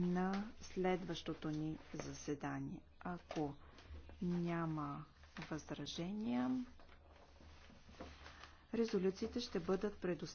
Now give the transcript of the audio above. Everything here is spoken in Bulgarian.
на следващото ни заседание. Ако няма възражения, резолюциите ще бъдат предоставени.